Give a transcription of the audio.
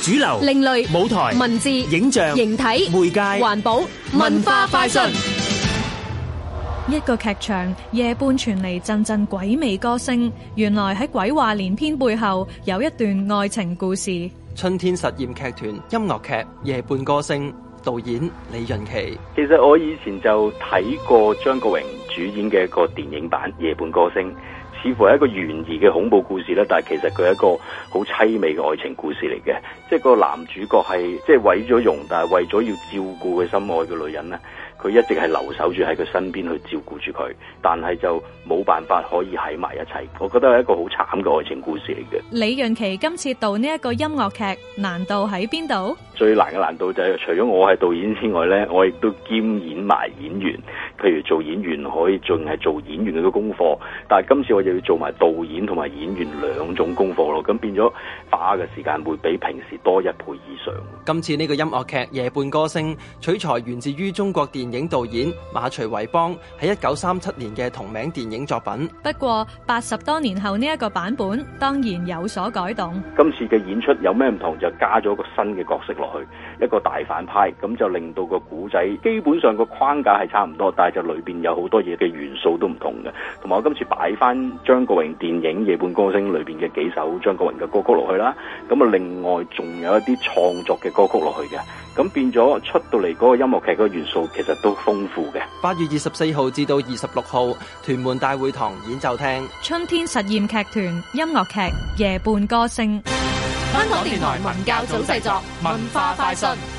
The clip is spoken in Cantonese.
主流、另類舞台、文字、影像、形體、媒介、環保、文化、快訊。一個劇場，夜半傳嚟陣陣鬼魅歌聲，原來喺鬼話連篇背後有一段愛情故事。春天實驗劇團音樂劇《夜半歌聲》，導演李潤琪。其實我以前就睇過張國榮主演嘅一個電影版《夜半歌聲》。似乎係一個懸疑嘅恐怖故事咧，但係其實佢係一個好淒美嘅愛情故事嚟嘅。即係個男主角係即係毀咗容，但係為咗要照顧佢心愛嘅女人咧，佢一直係留守住喺佢身邊去照顧住佢，但係就冇辦法可以喺埋一齊。我覺得係一個好慘嘅愛情故事嚟嘅。李潤琪今次導呢一個音樂劇，難度喺邊度？最難嘅難度就係、是、除咗我係導演之外咧，我亦都兼演埋演員。譬如做演員可以盡係做演員嗰啲功課，但係今次我又要做埋導演同埋演員兩種功課咯，咁變咗花嘅時間會比平時多一倍以上。今次呢個音樂劇《夜半歌聲》取材源自於中國電影導演馬徐維邦喺一九三七年嘅同名電影作品。不過八十多年後呢一個版本當然有所改動，今次嘅演出有咩唔同？就加咗個新嘅角色落去，一個大反派，咁就令到個古仔基本上個框架係差唔多，但就裏邊有好多嘢嘅元素都唔同嘅，同埋我今次擺翻張國榮電影《夜半歌聲》裏邊嘅幾首張國榮嘅歌曲落去啦，咁啊另外仲有一啲創作嘅歌曲落去嘅，咁變咗出到嚟嗰個音樂劇個元素其實都豐富嘅。八月二十四號至到二十六號，屯門大會堂演奏廳，春天實驗劇團音樂劇《夜半歌聲》，香港電台文教組製作，文化快訊。